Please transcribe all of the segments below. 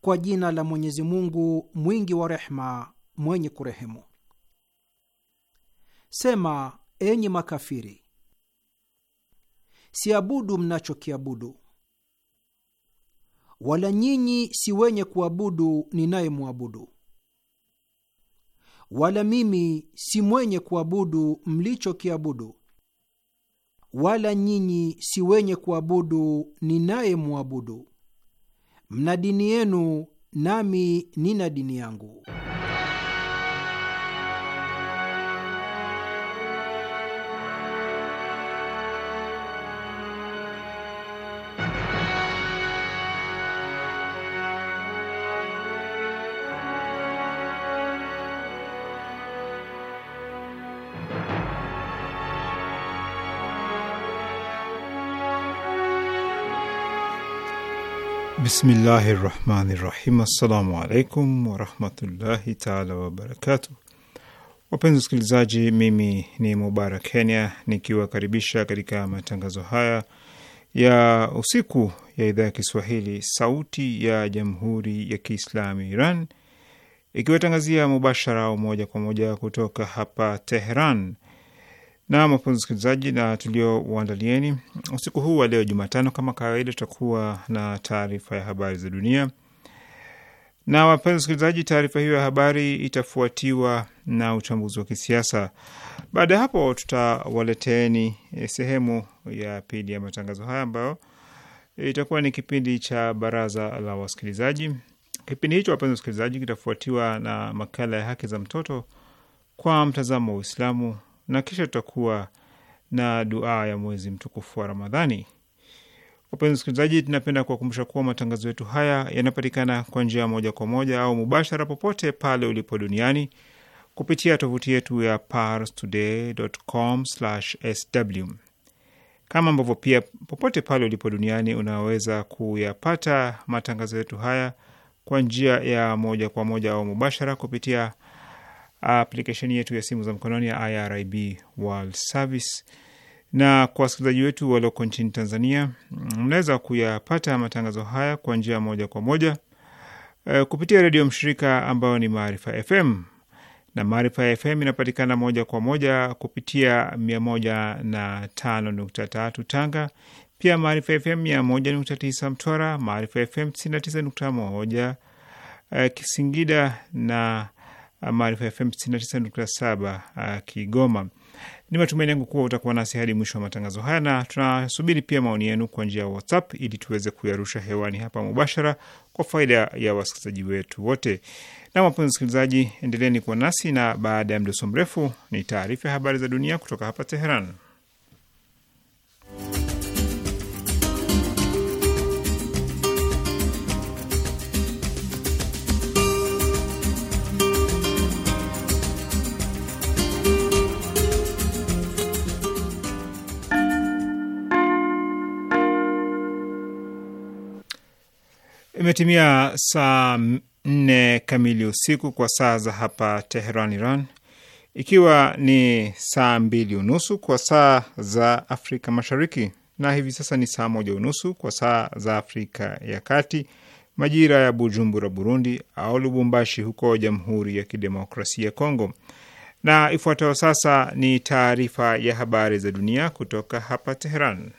Kwa jina la Mwenyezi Mungu mwingi wa rehma mwenye kurehemu. Sema, enyi makafiri, siabudu mnachokiabudu, wala nyinyi si wenye kuabudu ninayemwabudu, wala mimi si mwenye kuabudu mlichokiabudu, wala nyinyi si wenye kuabudu ninayemwabudu mna dini yenu nami nina dini yangu. Bismillahi rahmani rahim. Assalamu alaikum warahmatullahi taala wabarakatu. Wapenzi wasikilizaji, mimi ni Mubarak Kenya nikiwakaribisha katika matangazo haya ya usiku ya idhaa ya Kiswahili sauti ya jamhuri ya Kiislami Iran ikiwatangazia mubashara au moja kwa moja kutoka hapa Tehran na mapenzi msikilizaji, na tuliowaandalieni usiku huu wa leo Jumatano, kama kawaida, tutakuwa na taarifa ya habari za dunia. Na wapenzi wasikilizaji, taarifa hiyo ya habari itafuatiwa na uchambuzi wa kisiasa. Baada ya hapo, tutawaleteni eh, sehemu ya pili ya matangazo haya ambayo itakuwa ni kipindi cha baraza la wasikilizaji. Kipindi hicho, wapenzi wasikilizaji, kitafuatiwa na makala ya haki za mtoto kwa mtazamo wa Uislamu na kisha tutakuwa na dua ya mwezi mtukufu wa Ramadhani. Wapenzi wasikilizaji, tunapenda kuwakumbusha kuwa matangazo yetu haya yanapatikana kwa njia moja kwa moja au mubashara popote pale ulipo duniani kupitia tovuti yetu ya parstoday.com/sw, kama ambavyo pia popote pale ulipo duniani unaweza kuyapata matangazo yetu haya kwa njia ya moja kwa moja au mubashara kupitia aplikesheni yetu ya simu za mkononi ya IRIB World Service. Na kwa wasikilizaji wetu walioko nchini Tanzania, mnaweza kuyapata matangazo haya kwa njia moja kwa moja e, kupitia redio mshirika ambayo ni Maarifa FM na Maarifa ya FM inapatikana moja kwa moja kupitia mia moja na tano nukta tatu Tanga, pia Maarifa FM mia moja nukta tisa Mtwara, Maarifa FM tisini na tisa nukta moja eh, Kisingida na Maarifa FM 99.7 uh, Kigoma. Ni matumaini yangu kuwa utakuwa nasi hadi mwisho wa matangazo haya, na tunasubiri pia maoni yenu kwa njia ya WhatsApp ili tuweze kuyarusha hewani hapa mubashara kwa faida ya wasikilizaji wetu wote. Na wapenzi wasikilizaji, endeleeni kuwa nasi, na baada ya mdoso mrefu ni taarifa ya habari za dunia kutoka hapa Teheran. Imetimia saa nne kamili usiku kwa saa za hapa Teheran, Iran, ikiwa ni saa mbili unusu kwa saa za Afrika Mashariki, na hivi sasa ni saa moja unusu kwa saa za Afrika ya Kati, majira ya Bujumbura, Burundi, au Lubumbashi huko Jamhuri ya Kidemokrasia ya Kongo. Na ifuatayo sasa ni taarifa ya habari za dunia kutoka hapa Teheran.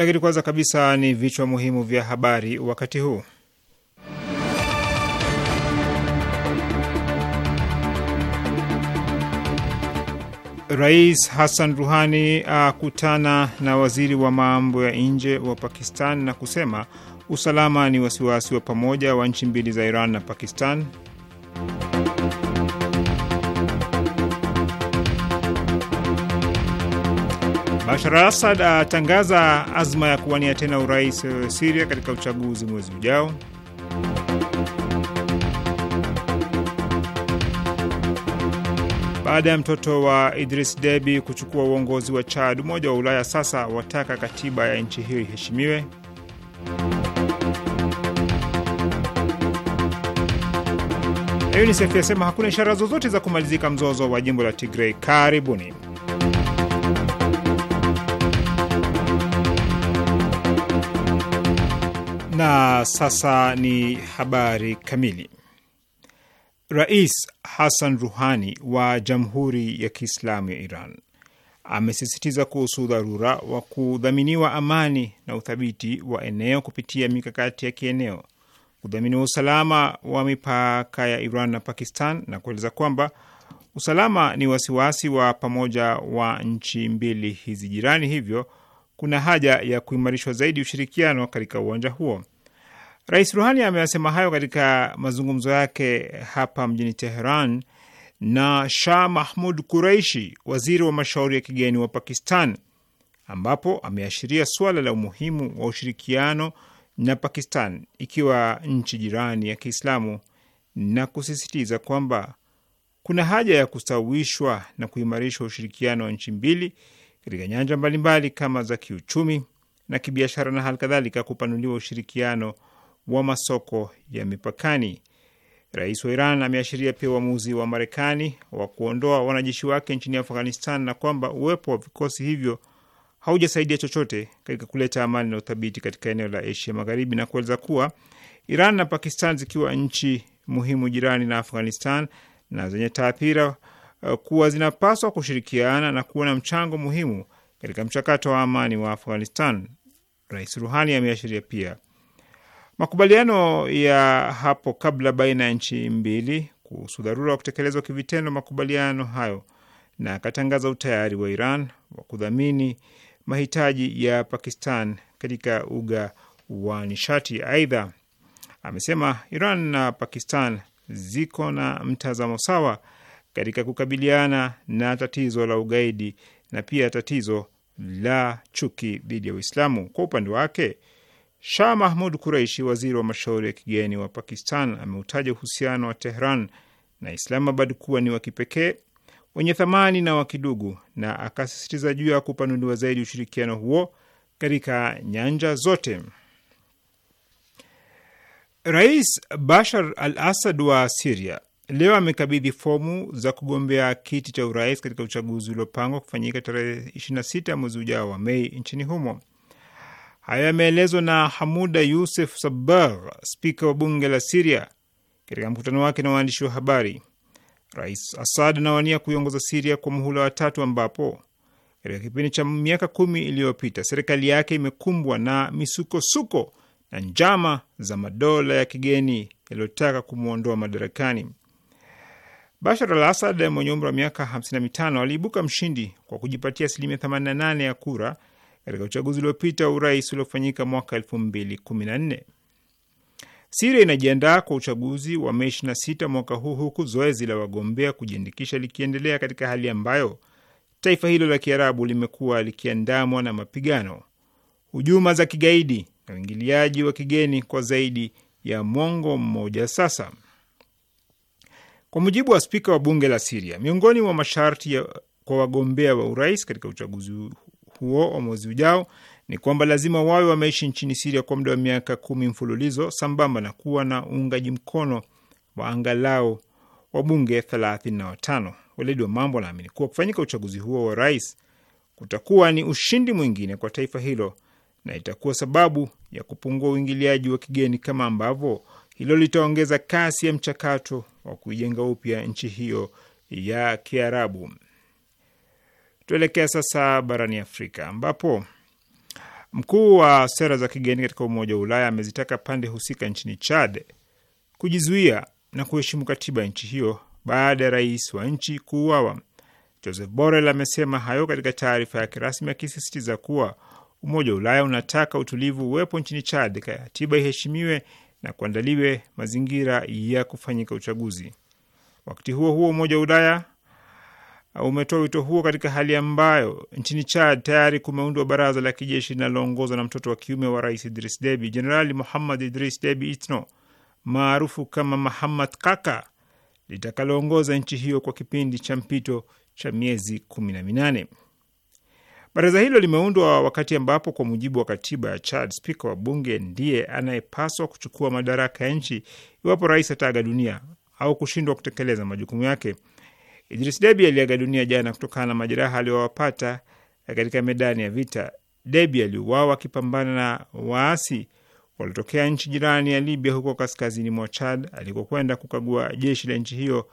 Lakini kwanza kabisa ni vichwa muhimu vya habari wakati huu. Rais Hassan Ruhani akutana na waziri wa mambo ya nje wa Pakistan na kusema usalama ni wasiwasi wa pamoja wa nchi mbili za Iran na Pakistan. Bashar al Assad atangaza azma ya kuwania tena urais eh, Siria katika uchaguzi mwezi ujao. Baada ya mtoto wa Idris Deby kuchukua uongozi wa Chad, Umoja wa Ulaya sasa wataka katiba ya nchi hiyo iheshimiwe. UNICEF yasema hakuna ishara zozote za kumalizika mzozo wa jimbo la Tigray. Karibuni. Na sasa ni habari kamili. Rais Hassan Ruhani wa Jamhuri ya Kiislamu ya Iran amesisitiza kuhusu dharura wa kudhaminiwa amani na uthabiti wa eneo kupitia mikakati ya kieneo, kudhaminiwa usalama wa mipaka ya Iran na Pakistan, na kueleza kwamba usalama ni wasiwasi wa pamoja wa nchi mbili hizi jirani, hivyo kuna haja ya kuimarishwa zaidi ushirikiano katika uwanja huo. Rais Ruhani ameyasema hayo katika mazungumzo yake hapa mjini Teheran na Shah Mahmud quraishi waziri wa mashauri ya kigeni wa Pakistan, ambapo ameashiria suala la umuhimu wa ushirikiano na Pakistan ikiwa nchi jirani ya Kiislamu na kusisitiza kwamba kuna haja ya kustawishwa na kuimarishwa ushirikiano wa nchi mbili katika nyanja mbalimbali kama za kiuchumi na kibiashara na hali kadhalika kupanuliwa ushirikiano wa masoko ya mipakani. Rais wa Iran ameashiria pia uamuzi wa Marekani wa kuondoa wanajeshi wake nchini Afghanistan na kwamba uwepo wa vikosi hivyo haujasaidia chochote katika kuleta amani na uthabiti katika eneo la Asia Magharibi, na kueleza kuwa Iran na Pakistan zikiwa nchi muhimu jirani na Afghanistan na zenye taathira uh, kuwa zinapaswa kushirikiana na kuwa na mchango muhimu katika mchakato wa amani wa Afghanistan. Rais Ruhani ameashiria pia Makubaliano ya hapo kabla baina ya nchi mbili kuhusu dharura wa kutekelezwa kivitendo makubaliano hayo na akatangaza utayari wa Iran wa kudhamini mahitaji ya Pakistan katika uga wa nishati. Aidha, amesema Iran na Pakistan ziko na mtazamo sawa katika kukabiliana na tatizo la ugaidi na pia tatizo la chuki dhidi ya Uislamu. Kwa upande wake Shah Mahmud kuraishi waziri wa mashauri ya kigeni wa Pakistan, ameutaja uhusiano wa Tehran na Islamabad kuwa ni wa kipekee, wenye thamani na wakidugu na akasisitiza juu ya kupanuliwa zaidi ushirikiano huo katika nyanja zote. Rais Bashar al Asad wa Siria leo amekabidhi fomu za kugombea kiti cha urais katika uchaguzi uliopangwa kufanyika tarehe 26 mwezi ujao wa Mei nchini humo. Hayo yameelezwa na Hamuda Yusuf Sabar, spika wa bunge la Siria, katika mkutano wake na waandishi wa habari. Rais Assad anawania kuiongoza Siria kwa muhula wa tatu, ambapo katika kipindi cha miaka kumi iliyopita serikali yake imekumbwa na misukosuko na njama za madola ya kigeni yaliyotaka kumwondoa madarakani. Bashar al Asad mwenye umri wa miaka 55 aliibuka mshindi kwa kujipatia asilimia 88 ya kura katika uchaguzi uliopita urais uliofanyika mwaka elfu mbili kumi na nne. Siria inajiandaa kwa uchaguzi wa Mei 26 mwaka huu huku zoezi la wagombea kujiandikisha likiendelea katika hali ambayo taifa hilo la Kiarabu limekuwa likiandamwa na mapigano, hujuma za kigaidi na uingiliaji wa kigeni kwa zaidi ya mwongo mmoja sasa. Kwa mujibu wa spika wa bunge la Siria, miongoni mwa masharti ya kwa wagombea wa urais katika uchaguzi huo wa mwezi ujao ni kwamba lazima wawe wameishi nchini Siria kwa muda wa miaka kumi mfululizo sambamba na kuwa na uungaji mkono wa angalau wabunge thelathini na watano. Weledi wa mambo wanaamini kuwa kufanyika uchaguzi huo wa rais kutakuwa ni ushindi mwingine kwa taifa hilo na itakuwa sababu ya kupungua uingiliaji wa kigeni, kama ambavyo hilo litaongeza kasi ya mchakato wa kuijenga upya nchi hiyo ya Kiarabu. Tuelekea sasa barani Afrika ambapo mkuu wa sera za kigeni katika Umoja wa Ulaya amezitaka pande husika nchini Chad kujizuia na kuheshimu katiba ya nchi hiyo baada ya rais wa nchi kuuawa. Joseph Borrell amesema hayo katika taarifa yake rasmi, akisisitiza kuwa Umoja wa Ulaya unataka utulivu uwepo nchini Chad, katiba iheshimiwe na kuandaliwe mazingira ya kufanyika uchaguzi. Wakati huo huo, Umoja wa Ulaya umetoa wito huo katika hali ambayo nchini Chad tayari kumeundwa baraza la kijeshi linaloongozwa na mtoto wa kiume wa rais Idris Deby, Jenerali Muhammad Idris Deby Itno maarufu kama Mahamad Kaka, litakaloongoza nchi hiyo kwa kipindi cha mpito cha miezi kumi na minane. Baraza hilo limeundwa wakati ambapo kwa mujibu wa katiba ya Chad, spika wa bunge ndiye anayepaswa kuchukua madaraka ya nchi iwapo rais ataaga dunia au kushindwa kutekeleza majukumu yake. Idris Debi aliaga dunia jana kutokana na majeraha aliyowapata katika medani ya vita. Debi aliuawa akipambana na waasi walitokea nchi jirani ya Libya huko kaskazini mwa Chad alikokwenda kukagua jeshi la nchi hiyo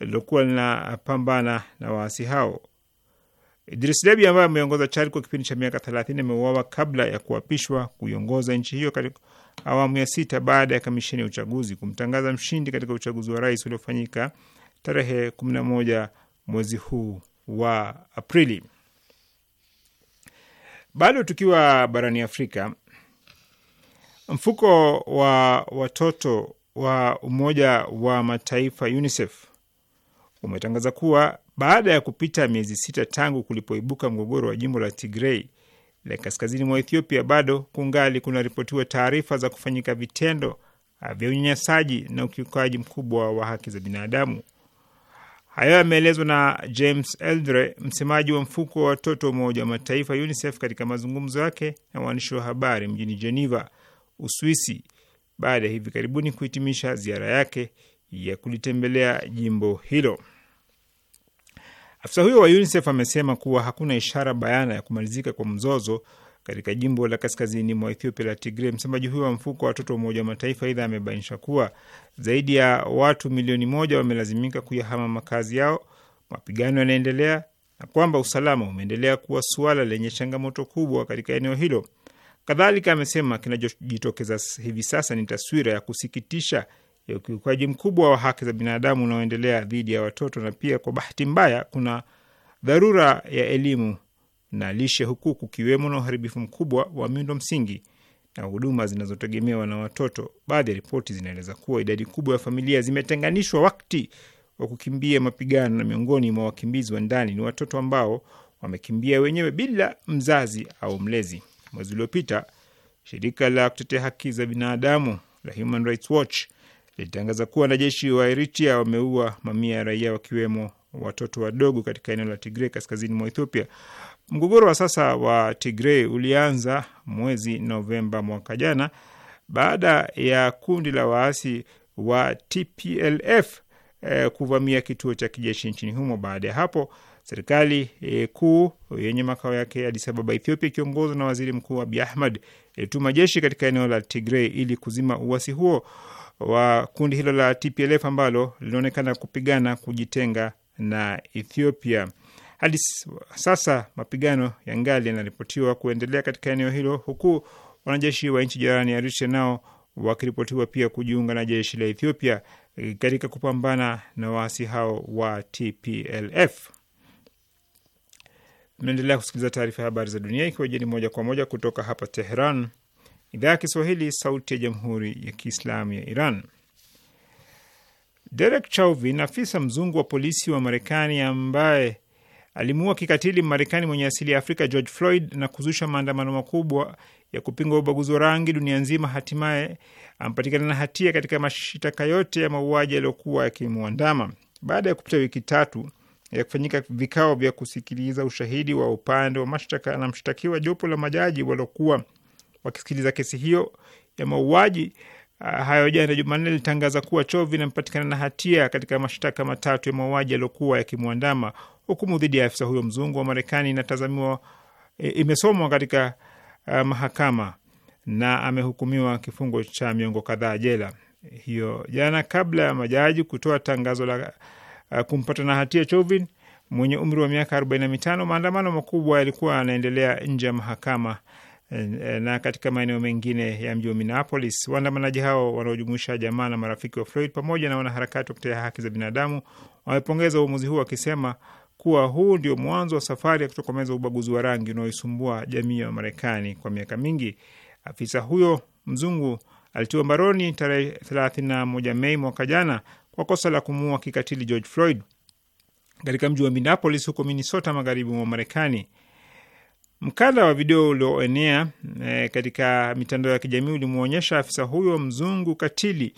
lilokuwa linapambana na waasi hao. Idris Deby ambaye ameongoza Chad kwa kipindi cha miaka 30 ameuawa kabla ya kuapishwa kuiongoza nchi hiyo katika awamu ya sita baada ya kamisheni ya uchaguzi kumtangaza mshindi katika uchaguzi wa rais uliofanyika tarehe 11 mwezi huu wa Aprili. Bado tukiwa barani Afrika, mfuko wa watoto wa Umoja wa Mataifa UNICEF umetangaza kuwa baada ya kupita miezi sita tangu kulipoibuka mgogoro wa jimbo la Tigrei la kaskazini mwa Ethiopia, bado kungali kunaripotiwa taarifa za kufanyika vitendo vya unyanyasaji na ukiukaji mkubwa wa haki za binadamu. Hayo yameelezwa na James Eldre, msemaji wa mfuko wa watoto wa Umoja wa Mataifa UNICEF katika mazungumzo yake na waandishi wa habari mjini Geneva, Uswisi, baada ya hivi karibuni kuhitimisha ziara yake ya kulitembelea jimbo hilo. Afisa huyo wa UNICEF amesema kuwa hakuna ishara bayana ya kumalizika kwa mzozo katika jimbo la kaskazini mwa Ethiopia la Tigray. Msemaji huyo wa mfuko wa watoto wa Umoja wa Mataifa aidha amebainisha kuwa zaidi ya watu milioni moja wamelazimika kuyahama makazi yao, mapigano yanaendelea na kwamba usalama umeendelea kuwa suala lenye changamoto kubwa katika eneo hilo. Kadhalika amesema kinachojitokeza hivi sasa ni taswira ya kusikitisha ya ukiukaji mkubwa wa haki za binadamu unaoendelea dhidi ya watoto, na pia kwa bahati mbaya kuna dharura ya elimu na lishe, huku kukiwemo na uharibifu mkubwa wa miundo msingi na huduma zinazotegemewa na watoto. Baadhi ya ripoti zinaeleza kuwa idadi kubwa ya familia zimetenganishwa wakati wa kukimbia mapigano, na miongoni mwa wakimbizi wa ndani ni watoto ambao wamekimbia wenyewe bila mzazi au mlezi. Mwezi uliopita shirika la kutetea haki za binadamu la Human Rights Watch lilitangaza kuwa wanajeshi wa Eritrea wameua mamia ya raia wakiwemo watoto wadogo katika eneo la Tigray kaskazini mwa Ethiopia. Mgogoro wa sasa wa Tigray ulianza mwezi Novemba mwaka jana baada ya kundi la waasi wa TPLF eh, kuvamia kituo cha kijeshi nchini humo. Baada ya hapo serikali eh, kuu yenye makao yake Addis Ababa, Ethiopia, ikiongozwa na waziri mkuu Abiy Ahmed ilituma jeshi katika eneo la Tigray ili kuzima uasi huo wa kundi hilo la TPLF ambalo linaonekana kupigana kujitenga na Ethiopia. Hadi sasa mapigano ya ngali yanaripotiwa kuendelea katika eneo hilo, huku wanajeshi wa nchi jirani ya Eritrea nao wakiripotiwa pia kujiunga na jeshi la Ethiopia katika kupambana na waasi hao wa TPLF. Mnaendelea kusikiliza taarifa ya habari za dunia ikiwa jeni moja kwa moja kutoka hapa Teheran, idhaa ya Kiswahili, sauti ya jamhuri ya kiislamu ya Iran. Derek Chauvin, afisa mzungu wa polisi wa Marekani ambaye alimuua kikatili Marekani mwenye asili ya Afrika George Floyd na kuzusha maandamano makubwa ya kupinga ubaguzi wa rangi dunia nzima. Hatimaye amepatikana na hatia katika mashitaka yote ya mauaji yaliyokuwa yakimwandama. Baada ya kupita wiki tatu ya kufanyika vikao vya kusikiliza ushahidi wa upande wa mashtaka na mshtakiwa, jopo la majaji waliokuwa wakisikiliza kesi hiyo ya mauaji ah, hayo jana Jumanne lilitangaza kuwa Chovi inampatikana na hatia katika mashtaka matatu ya mauaji yaliyokuwa yakimwandama. Hukumu dhidi ya afisa huyo mzungu wa Marekani inatazamiwa e, imesomwa katika uh, mahakama na amehukumiwa kifungo cha miongo kadhaa jela hiyo jana, kabla ya majaji kutoa tangazo la uh, kumpata na hatia Chauvin mwenye umri wa miaka 45. Maandamano makubwa yalikuwa yanaendelea nje ya mahakama e, na katika maeneo mengine ya mji wa Minneapolis. Waandamanaji hao wanaojumuisha jamaa na marafiki wa Floyd pamoja na wanaharakati wa kutetea haki za binadamu wamepongeza uamuzi huu wakisema kuwa huu ndio mwanzo wa safari ya kutokomeza ubaguzi wa rangi unaoisumbua jamii ya Marekani kwa miaka mingi. Afisa huyo mzungu alitiwa mbaroni tarehe 31 Mei mwaka jana kwa kosa la kumuua kikatili George Floyd katika mji wa Minneapolis huko Minnesota, magharibi mwa Marekani. Mkanda wa video ulioenea e, katika mitandao ya kijamii ulimwonyesha afisa huyo mzungu katili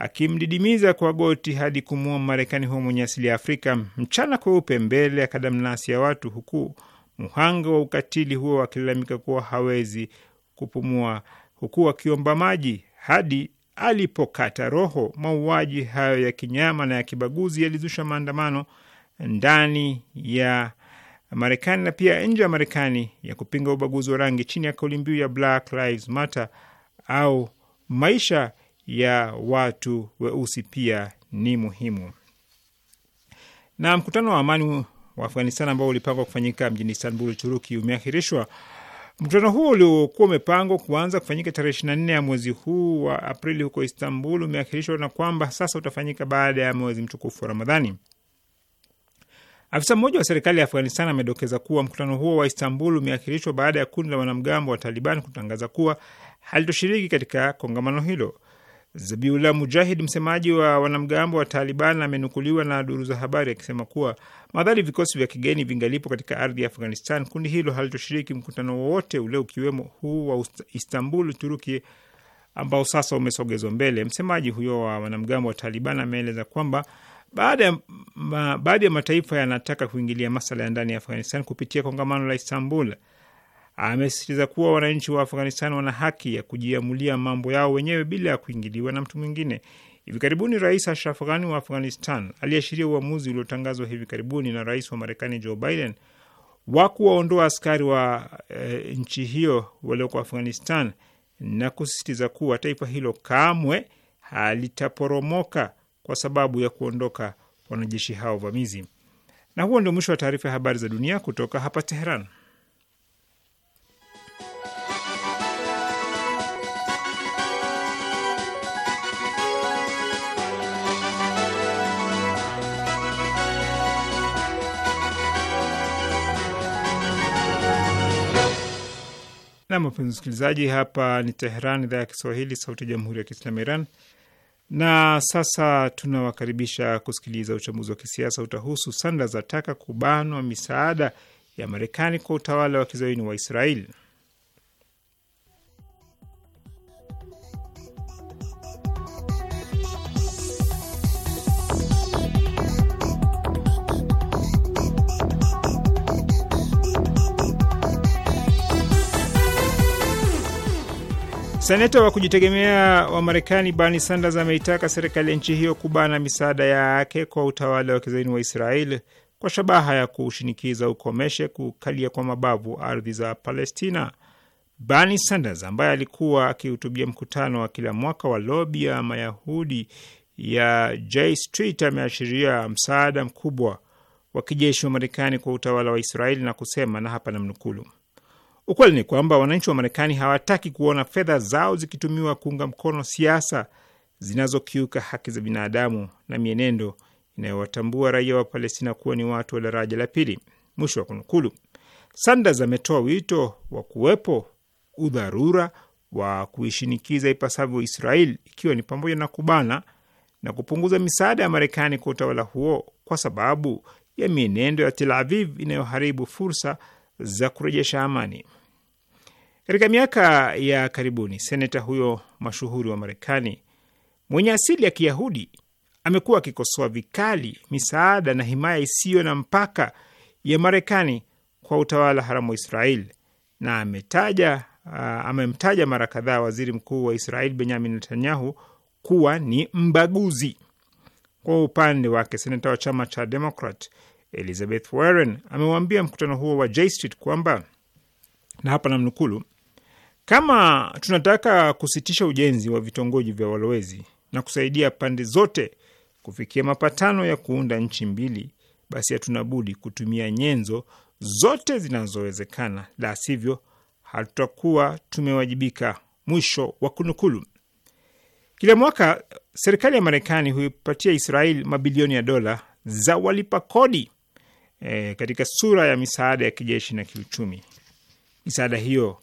akimdidimiza kwa goti hadi kumua Marekani huo mwenye asili ya Afrika mchana kweupe mbele ya kadamnasi ya watu, huku mhanga wa ukatili huo akilalamika kuwa hawezi kupumua, huku akiomba maji hadi alipokata roho. Mauaji hayo ya kinyama na ya kibaguzi yalizusha maandamano ndani ya Marekani na pia nje ya Marekani ya kupinga ubaguzi wa rangi chini ya kauli mbiu ya Black Lives Matter au maisha ya watu weusi pia ni muhimu. Na mkutano wa amani wa Afghanistan ambao ulipangwa kufanyika mjini Istanbul, Uturuki, umeahirishwa. Mkutano huo uliokuwa umepangwa kuanza kufanyika tarehe na nne ya mwezi huu wa Aprili huko Istanbul umeahirishwa na kwamba sasa utafanyika baada ya mwezi mtukufu wa Ramadhani. Afisa mmoja wa serikali ya Afghanistan amedokeza kuwa mkutano huo wa Istanbul umeahirishwa baada ya kundi la wanamgambo wa Taliban kutangaza kuwa halitoshiriki katika kongamano hilo. Zabiullah Mujahid, msemaji wa wanamgambo wa Taliban, amenukuliwa na duru za habari akisema kuwa madhali vikosi vya kigeni vingalipo katika ardhi ya Afghanistan, kundi hilo halitoshiriki mkutano wowote ule, ukiwemo huu wa Istanbul, Uturuki, ambao sasa umesogezwa mbele. Msemaji huyo wa wanamgambo wa Taliban ameeleza kwamba baadhi ya ma, baadhi ya mataifa yanataka kuingilia masala ya ndani ya Afghanistan kupitia kongamano la Istanbul amesisitiza kuwa wananchi wa Afghanistan wana haki ya kujiamulia mambo yao wenyewe bila ya kuingiliwa na mtu mwingine. Hivi karibuni Rais Ashraf Ghani wa Afghanistan aliashiria uamuzi uliotangazwa hivi karibuni na rais wa Marekani Joe Biden wa kuwaondoa askari wa e, nchi hiyo walioko Afghanistan na kusisitiza kuwa taifa hilo kamwe halitaporomoka kwa sababu ya kuondoka wanajeshi hao vamizi. Na huo ndio mwisho wa taarifa ya habari za dunia kutoka hapa Teheran. Nam, mpenzi msikilizaji, hapa ni Teheran, idhaa ya Kiswahili, sauti ya jamhuri ya kiislamu Iran. Na sasa tunawakaribisha kusikiliza uchambuzi wa kisiasa. Utahusu sanda za taka kubanwa misaada ya Marekani kwa utawala wa kizayuni wa Israeli. Seneta wa kujitegemea wa Marekani Bernie Sanders ameitaka serikali ya nchi hiyo kubana misaada yake kwa utawala wa kizaini wa Israeli kwa shabaha ya kushinikiza ukomeshe kukalia kwa mabavu ardhi za Palestina. Bernie Sanders ambaye alikuwa akihutubia mkutano wa kila mwaka wa lobi ya Mayahudi ya J Street ameashiria msaada mkubwa wa kijeshi wa Marekani kwa utawala wa Israeli na kusema, na hapa namnukulu Ukweli ni kwamba wananchi wa Marekani hawataki kuona fedha zao zikitumiwa kuunga mkono siasa zinazokiuka haki za binadamu na mienendo inayowatambua raia wa Palestina kuwa ni watu wa daraja la pili. Mwisho wa kunukulu. Sanders ametoa wito wa kuwepo udharura wa kuishinikiza ipasavyo Israel, ikiwa ni pamoja na kubana na kupunguza misaada ya Marekani kwa utawala huo kwa sababu ya mienendo ya Tel Aviv inayoharibu fursa za kurejesha amani. Katika miaka ya karibuni, seneta huyo mashuhuri wa Marekani mwenye asili ya Kiyahudi amekuwa akikosoa vikali misaada na himaya isiyo na mpaka ya Marekani kwa utawala haramu wa Israel na ametaja uh, amemtaja mara kadhaa waziri mkuu wa Israel Benyamin Netanyahu kuwa ni mbaguzi. Kwa upande wake, seneta wa chama cha Demokrat Elizabeth Warren amewaambia mkutano huo wa J Street kwamba na hapa namnukulu, kama tunataka kusitisha ujenzi wa vitongoji vya walowezi na kusaidia pande zote kufikia mapatano ya kuunda nchi mbili, basi hatuna budi kutumia nyenzo zote zinazowezekana, la sivyo hatutakuwa tumewajibika. Mwisho wa kunukulu. Kila mwaka serikali ya Marekani huipatia Israel mabilioni ya dola za walipa kodi e, katika sura ya misaada ya kijeshi na kiuchumi. Misaada hiyo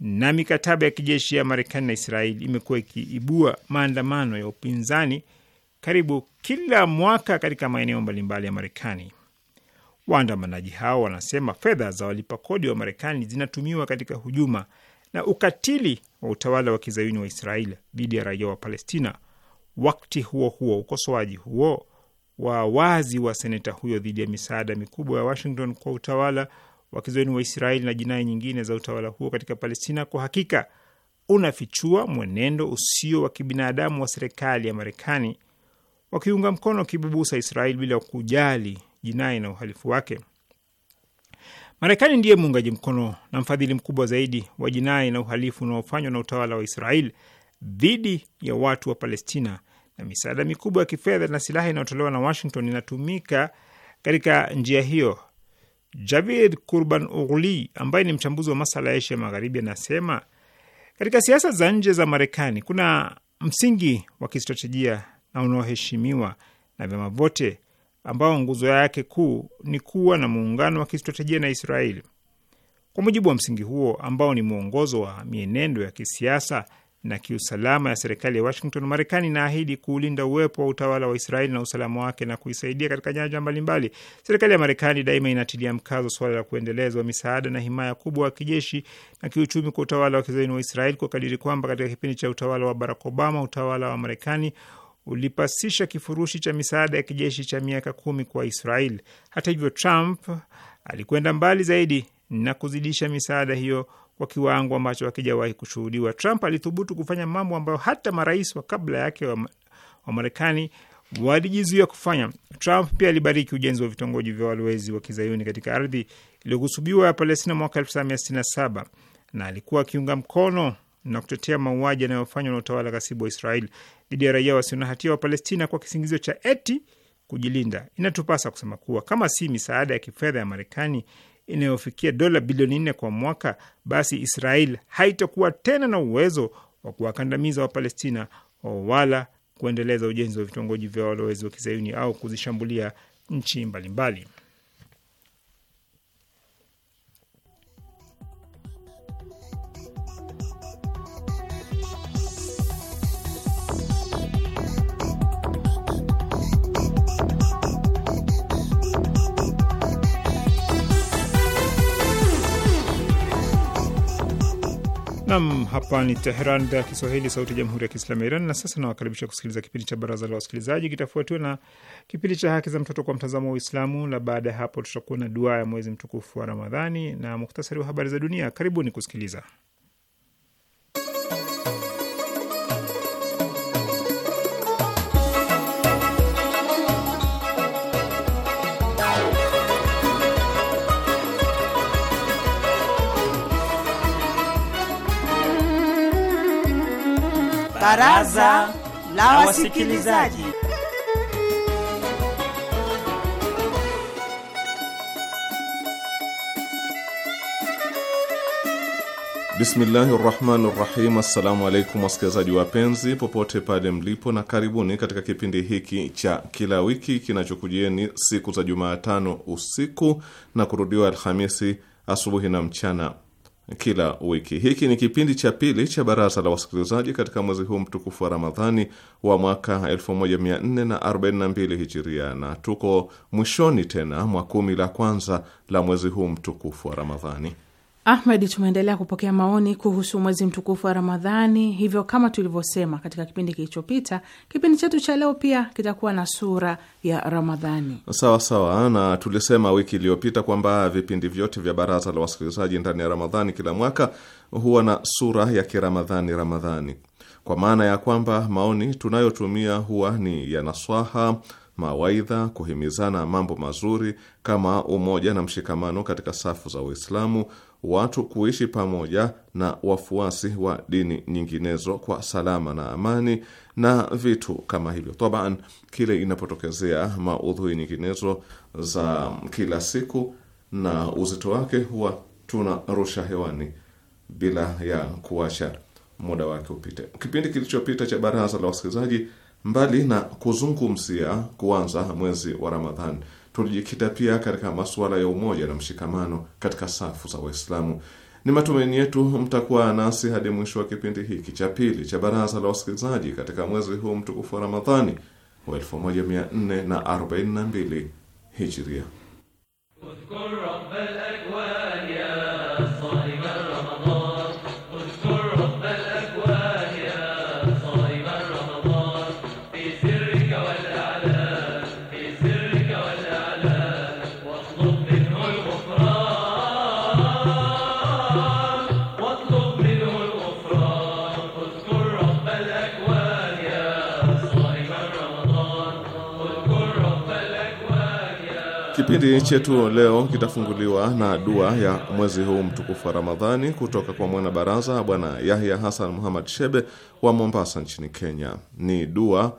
na mikataba ya kijeshi ya Marekani na Israeli imekuwa ikiibua maandamano ya upinzani karibu kila mwaka katika maeneo mbalimbali ya Marekani. Waandamanaji hao wanasema fedha za walipa kodi wa Marekani zinatumiwa katika hujuma na ukatili wa utawala wa kizayuni wa Israeli dhidi ya raia wa Palestina. Wakati huo huo, ukosoaji huo wa wazi wa seneta huyo dhidi ya misaada mikubwa ya Washington kwa utawala wa kizoeni wa Israeli na jinai nyingine za utawala huo katika Palestina kwa hakika unafichua mwenendo usio wa kibinadamu wa serikali ya Marekani wakiunga mkono kibubusa Israeli bila kujali jinai na uhalifu wake. Marekani ndiye muungaji mkono na mfadhili mkubwa zaidi wa jinai na uhalifu unaofanywa na utawala wa Israeli dhidi ya watu wa Palestina na misaada mikubwa ya kifedha na silaha inayotolewa na Washington inatumika katika njia hiyo. Javid Kurban ugli ambaye ni mchambuzi wa masala ya Asia Magharibi anasema katika siasa za nje za Marekani kuna msingi wa kistratejia na unaoheshimiwa na vyama vyote ambao nguzo yake kuu ni kuwa na muungano wa kistratejia na Israeli. Kwa mujibu wa msingi huo ambao ni mwongozo wa mienendo ya kisiasa na kiusalama ya serikali ya Washington, Marekani inaahidi kuulinda uwepo wa utawala wa Israeli na usalama wake na kuisaidia katika nyanja mbalimbali. Serikali ya Marekani daima inatilia mkazo suala la kuendelezwa misaada na himaya kubwa ya kijeshi na kiuchumi kwa utawala wa kizayuni wa Israeli kwa kadiri kwamba katika kipindi cha utawala wa Barack Obama, utawala wa Marekani ulipasisha kifurushi cha misaada ya kijeshi cha miaka kumi kwa Israeli. Hata hivyo, Trump alikwenda mbali zaidi na kuzidisha misaada hiyo kwa kiwango ambacho hakijawahi kushuhudiwa. Trump alithubutu kufanya mambo ambayo hata marais wa kabla yake wa Marekani walijizuia kufanya. Trump pia alibariki ujenzi wa vitongoji vya walowezi wa kizayuni katika ardhi iliyokusubiwa ya Palestina mwaka 1967 na alikuwa akiunga mkono na kutetea mauaji yanayofanywa na utawala kasibu wa Israel dhidi ya raia wasio na hatia wa Palestina kwa kisingizio cha eti kujilinda. Inatupasa kusema kuwa kama si misaada ya kifedha ya Marekani inayofikia dola bilioni nne kwa mwaka, basi Israel haitakuwa tena na uwezo wa kuwakandamiza Wapalestina wala kuendeleza ujenzi wa vitongoji vya walowezi wa kizayuni au kuzishambulia nchi mbalimbali mbali. Nam, hapa ni Teheran, idhaa ya Kiswahili, sauti ya jamhuri ya kiislamu ya Iran. Na sasa nawakaribisha kusikiliza kipindi cha baraza la wasikilizaji, kitafuatiwa na kipindi cha haki za mtoto kwa mtazamo wa Uislamu, na baada ya hapo tutakuwa na dua ya mwezi mtukufu wa Ramadhani na muktasari wa habari za dunia. Karibuni kusikiliza. Baraza la Wasikilizaji. Bismillahi rahmani rahim. Assalamu alaikum wasikilizaji wapenzi popote pale mlipo, na karibuni katika kipindi hiki cha kila wiki kinachokujieni siku za Jumatano usiku na kurudiwa Alhamisi asubuhi na mchana kila wiki. Hiki ni kipindi cha pili cha baraza la wasikilizaji katika mwezi huu mtukufu wa Ramadhani wa mwaka 1442 Hijiria, na tuko mwishoni tena mwa kumi la kwanza la mwezi huu mtukufu wa Ramadhani. Ahmed, tumeendelea kupokea maoni kuhusu mwezi mtukufu wa Ramadhani. Hivyo kama tulivyosema katika kipindi kilichopita, kipindi chetu cha leo pia kitakuwa na sura ya Ramadhani sawa sawa na tulisema wiki iliyopita kwamba vipindi vyote vya Baraza la Wasikilizaji ndani ya Ramadhani kila mwaka huwa na sura ya kiramadhani Ramadhani, kwa maana ya kwamba maoni tunayotumia huwa ni ya naswaha mawaidha, kuhimizana mambo mazuri kama umoja na mshikamano katika safu za Uislamu, watu kuishi pamoja na wafuasi wa dini nyinginezo kwa salama na amani na vitu kama hivyo. Taban, kile inapotokezea maudhui nyinginezo za kila siku na uzito wake huwa tuna rusha hewani bila ya kuacha muda wake upite. Kipindi kilichopita cha Baraza la Wasikilizaji, mbali na kuzungumzia kuanza mwezi wa Ramadhani tulijikita pia katika masuala ya umoja na mshikamano katika safu za Waislamu. Ni matumaini yetu mtakuwa nasi hadi mwisho wa kipindi hiki cha pili cha Baraza la Wasikilizaji katika mwezi huu mtukufu wa Ramadhani wa 1442 Hijria. Kipindi chetu leo kitafunguliwa na dua ya mwezi huu mtukufu wa Ramadhani kutoka kwa mwanabaraza Bwana Yahya Hassan Muhammad Shebe wa Mombasa nchini Kenya. Ni dua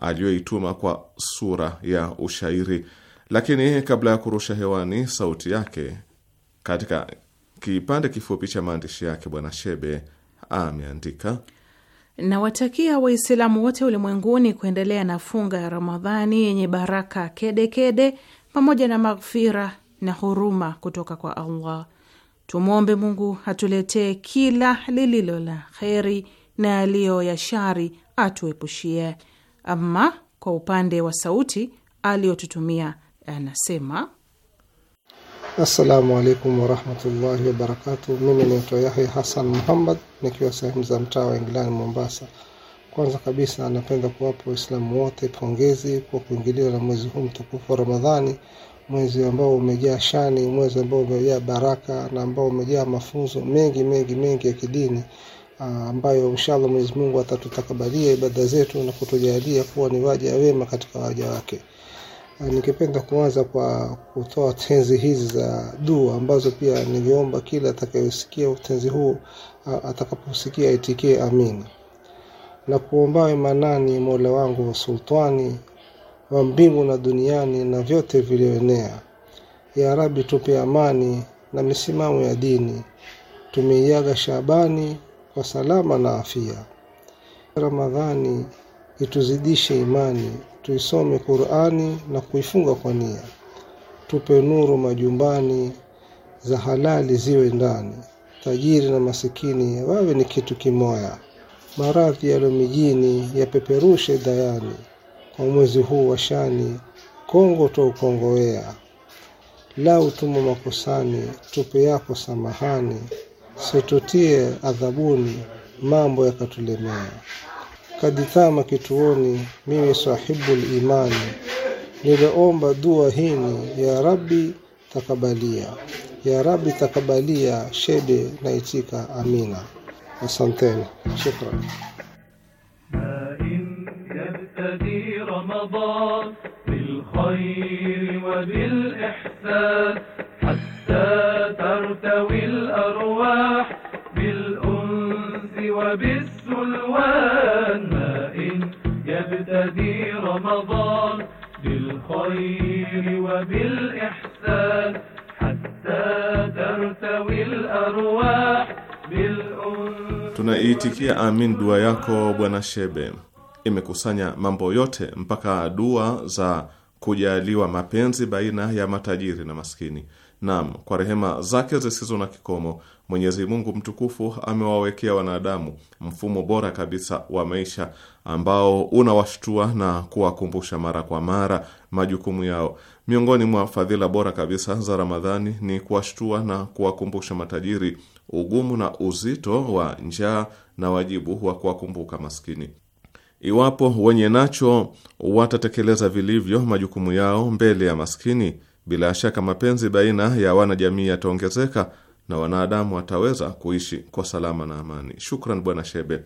aliyoituma kwa sura ya ushairi, lakini kabla ya kurusha hewani sauti yake, katika kipande kifupi cha maandishi yake, Bwana Shebe ameandika: Nawatakia Waislamu wote ulimwenguni kuendelea na funga ya Ramadhani yenye baraka kedekede kede, pamoja na maghfira na huruma kutoka kwa Allah. Tumwombe Mungu atuletee kila lililo la kheri na yaliyo ya shari atuepushie. Ama kwa upande wa sauti aliyotutumia anasema: assalamu alaikum warahmatullahi wabarakatuh. Mimi naitwa Yahya Hasan Muhammad nikiwa sehemu za mtaa wa England, Mombasa. Kwanza kabisa napenda kuwapa Waislamu wote pongezi kwa kuingiliwa na mwezi huu mtukufu wa Ramadhani, mwezi ambao umejaa shani, mwezi ambao umejaa baraka na ambao umejaa mafunzo mengi mengi mengi ya kidini ah, ambayo inshallah Mwenyezi Mungu atatutakabalia ibada zetu na kutujalia kuwa ni waja wema katika waja wake. Ah, Nikipenda kuanza kwa kutoa tenzi hizi za dua ambazo pia ningeomba kila atakayesikia utenzi huu ah, atakaposikia aitikie amini na Nakuombawe Manani, Mola wangu Sultani wa mbingu na duniani na vyote vilivyoenea. Ya Rabi, tupe amani na misimamo ya dini. Tumeiaga Shabani kwa salama na afia. Ramadhani ituzidishe imani, tuisome Qurani na kuifunga kwa nia. Tupe nuru majumbani, za halali ziwe ndani, tajiri na masikini wawe ni kitu kimoya maradhi yalo mijini yapeperushe dayani, kwa mwezi huu wa shani Kongo twaukongowea. Lau tumo makosani, tupe yako samahani, situtie adhabuni, mambo yakatulemea. Kadithama kituoni, mimi sahibu imani, niliomba dua hini, ya Rabbi takabalia, ya Rabbi takabalia, shebe naitika amina. تاني شكرا إن يبتدي رمضان بالخير وبالإحسان حتى ترتوي الأرواح بالأنس وبالسلوان ما إن يبتدي رمضان بالخير وبالإحسان حتى ترتوي الأرواح Tunaiitikia amin dua yako Bwana Shebe. Imekusanya mambo yote mpaka dua za kujaliwa mapenzi baina ya matajiri na maskini. Naam, kwa rehema zake zisizo na kikomo Mwenyezi Mungu mtukufu amewawekea wanadamu mfumo bora kabisa wa maisha ambao unawashtua na kuwakumbusha mara kwa mara majukumu yao. Miongoni mwa fadhila bora kabisa za Ramadhani ni kuwashtua na kuwakumbusha matajiri ugumu na uzito wa njaa na wajibu wa kuwakumbuka maskini. Iwapo wenye nacho watatekeleza vilivyo majukumu yao mbele ya maskini, bila shaka mapenzi baina ya wanajamii yataongezeka na wanadamu wataweza kuishi kwa salama na amani. Shukran Bwana Shebe.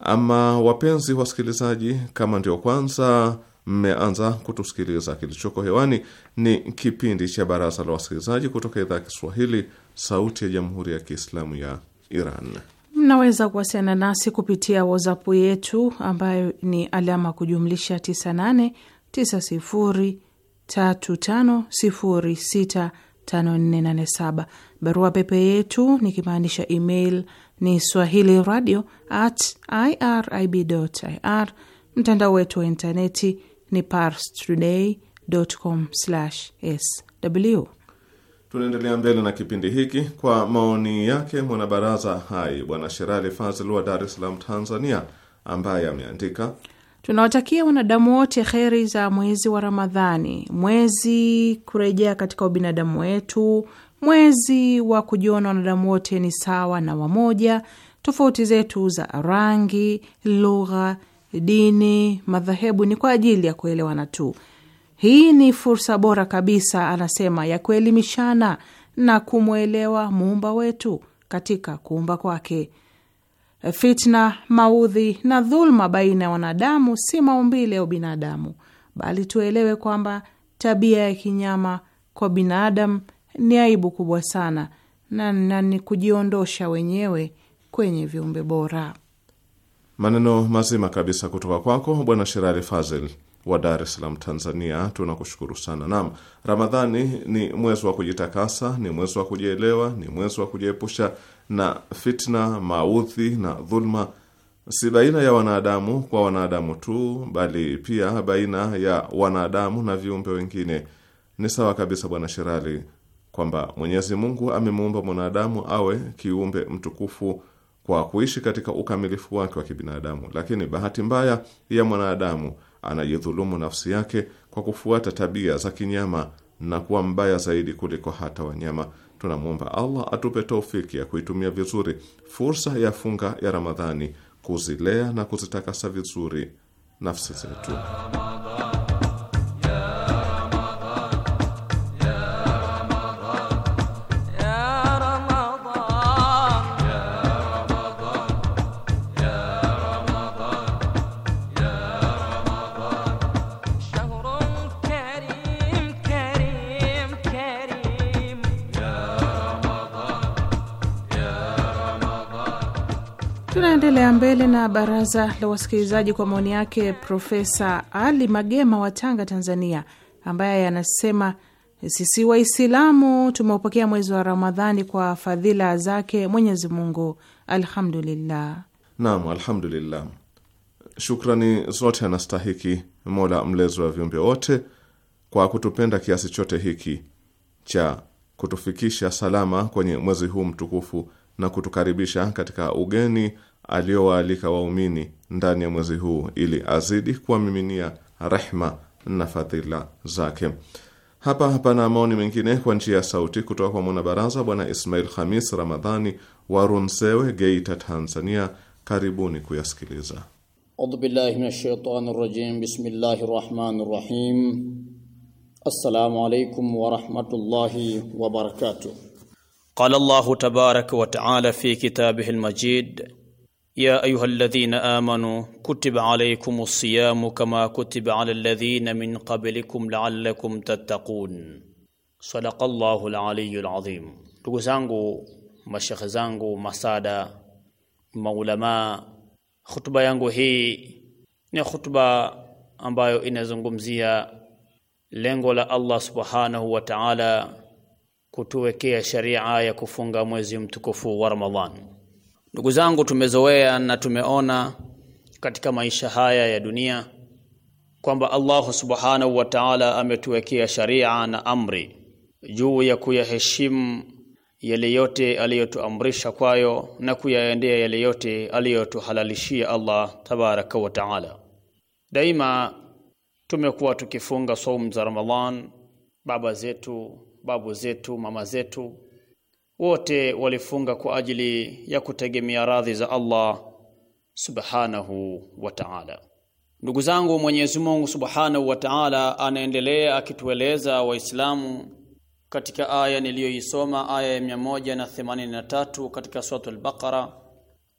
Ama wapenzi wasikilizaji, kama ndio kwanza mmeanza kutusikiliza, kilichoko hewani ni kipindi cha Baraza la Wasikilizaji kutoka idhaa ya Kiswahili Sauti ya Jamhuri ya Kiislamu ya Iran. Mnaweza kuwasiliana nasi kupitia WhatsApp yetu ambayo ni alama kujumlisha 989035065487. Barua pepe yetu nikimaanisha email ni swahili radio at irib ir. Mtandao wetu wa intaneti ni today com sw Tunaendelea mbele na kipindi hiki kwa maoni yake mwanabaraza hai Bwana Sherali Fazil wa Dar es Salaam, Tanzania, ambaye ameandika tunawatakia wanadamu wote kheri za mwezi wa Ramadhani, mwezi kurejea katika ubinadamu wetu, mwezi wa kujiona wanadamu wote ni sawa na wamoja, tofauti zetu za rangi, lugha, dini, madhehebu ni kwa ajili ya kuelewana tu hii ni fursa bora kabisa, anasema, ya kuelimishana na kumwelewa muumba wetu katika kuumba kwake. Fitna, maudhi na dhulma baina ya wanadamu si maumbile ya ubinadamu, bali tuelewe kwamba tabia ya kinyama kwa binadamu ni aibu kubwa sana na, na ni kujiondosha wenyewe kwenye viumbe bora. Maneno mazima kabisa kutoka kwako Bwana Sherari Fazel wa Dar es Salaam, Tanzania. Tunakushukuru sana. Naam, Ramadhani ni mwezi wa kujitakasa, ni mwezi wa kujielewa, ni mwezi wa kujiepusha na fitna, maudhi na dhulma, si baina ya wanadamu kwa wanadamu tu, bali pia baina ya wanadamu na viumbe wengine. Ni sawa kabisa, Bwana Sherali, kwamba Mwenyezi Mungu amemuumba mwanadamu awe kiumbe mtukufu kwa kuishi katika ukamilifu wake wa kibinadamu, lakini bahati mbaya ya mwanadamu anajidhulumu nafsi yake kwa kufuata tabia za kinyama na kuwa mbaya zaidi kuliko hata wanyama. Tunamwomba Allah atupe taufiki ya kuitumia vizuri fursa ya funga ya Ramadhani, kuzilea na kuzitakasa vizuri nafsi zetu. Tunaendelea mbele na baraza la wasikilizaji kwa maoni yake Profesa Ali Magema wa Tanga, Tanzania, ambaye anasema sisi Waislamu tumeupokea mwezi wa Ramadhani kwa fadhila zake Mwenyezi Mungu, alhamdulillah. Naam, alhamdulillah, shukrani zote anastahiki Mola Mlezi wa viumbe wote kwa kutupenda kiasi chote hiki cha kutufikisha salama kwenye mwezi huu mtukufu na kutukaribisha katika ugeni aliyowaalika waumini ndani ya mwezi huu ili azidi kuwamiminia rehma na fadhila zake. Hapa hapana maoni mengine kwa njia ya sauti kutoka kwa mwanabaraza Bwana Ismail Khamis Ramadhani wa Runzewe, Geita, Tanzania. Karibuni kuyasikiliza. Audhu billahi minash shaitani rajim. rahim. Assalamu قال الله تبارك وتعالى في كتابه المجيد يا ايها الذين امنوا كتب عليكم الصيام كما كتب على الذين من قبلكم لعلكم تتقون صدق الله العلي العظيم تقول mashehe zangu masada maulamaa hutuba yangu hii ni hutuba ambayo inazungumzia lengo la Allah subhanahu wa ta'ala kutuwekea sharia ya kufunga mwezi mtukufu wa Ramadhan. Ndugu zangu, tumezoea na tumeona katika maisha haya ya dunia kwamba Allah subhanahu wa ta'ala ametuwekea sharia na amri juu ya kuyaheshimu yale yote aliyotuamrisha kwayo na kuyaendea yale yote aliyotuhalalishia Allah tabaraka wa taala. Daima tumekuwa tukifunga saumu za Ramadhan, baba zetu babu zetu, mama zetu, wote walifunga kwa ajili ya kutegemea radhi za Allah subhanahu wa ta'ala. Ndugu zangu, Mwenyezi Mungu subhanahu wa ta'ala anaendelea akitueleza Waislamu katika aya niliyoisoma, aya ya tatu katika suratul Baqara,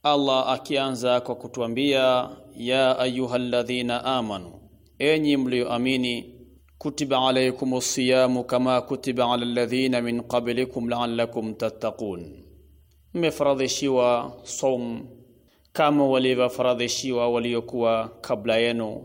Allah akianza kwa kutuambia ya ayyuhalladhina amanu, enyi mlioamini kutiba alaykum siyamu kama kutiba ala alladhina min qablikum la'allakum tattaqun, mmefaradhishiwa som kama walivyofaradhishiwa waliokuwa kabla yenu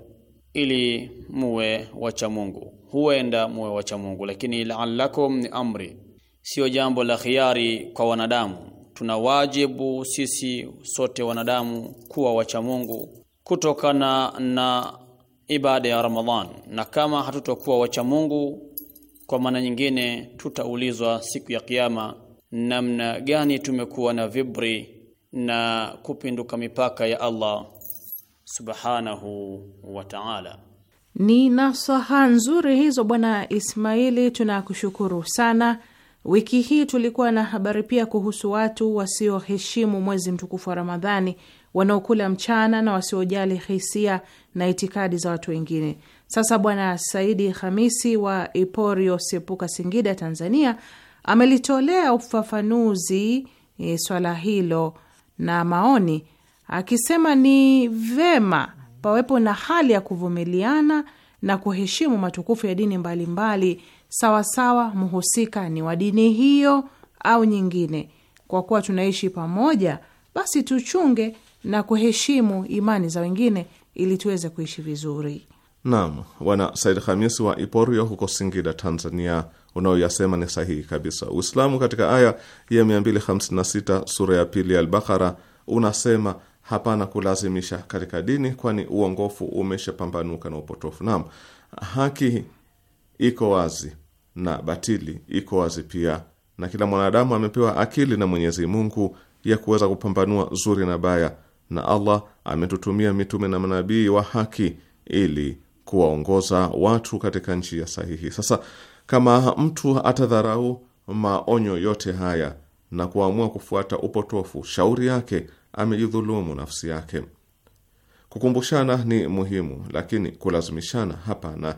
ili muwe wacha Mungu. Huenda muwe wacha Mungu, lakini la'allakum ni amri, sio jambo la khiari kwa wanadamu. Tuna wajibu sisi sote wanadamu kuwa wacha Mungu kutokana na ibada ya Ramadhan, na kama hatutokuwa wacha Mungu, kwa maana nyingine, tutaulizwa siku ya Kiyama namna gani tumekuwa na vibri na kupinduka mipaka ya Allah subhanahu wa ta'ala. Ni nasaha nzuri hizo, Bwana Ismaili, tunakushukuru sana. Wiki hii tulikuwa na habari pia kuhusu watu wasioheshimu mwezi mtukufu wa Ramadhani wanaokula mchana na wasiojali hisia na itikadi za watu wengine. Sasa Bwana Saidi Hamisi wa Iporio Sepuka, Singida, Tanzania, amelitolea ufafanuzi e, swala hilo na maoni akisema ni vema pawepo na hali ya kuvumiliana na kuheshimu matukufu ya dini mbalimbali mbali, sawasawa mhusika ni wa dini hiyo au nyingine. Kwa kuwa tunaishi pamoja, basi tuchunge na kuheshimu imani za wengine ili tuweze kuishi vizuri. Naam, Bwana Said Hamisi wa Iporio huko Singida, Tanzania, unaoyasema ni sahihi kabisa. Uislamu katika aya ya 256 sura ya pili ya albakara unasema hapana kulazimisha katika dini, kwani uongofu umeshapambanuka na upotofu. Naam, haki iko wazi na batili iko wazi pia, na kila mwanadamu amepewa akili na Mwenyezi Mungu ya kuweza kupambanua zuri na baya na Allah ametutumia mitume na manabii wa haki ili kuwaongoza watu katika njia sahihi. Sasa kama mtu atadharau maonyo yote haya na kuamua kufuata upotofu, shauri yake amejidhulumu nafsi yake. Kukumbushana ni muhimu, lakini kulazimishana hapana.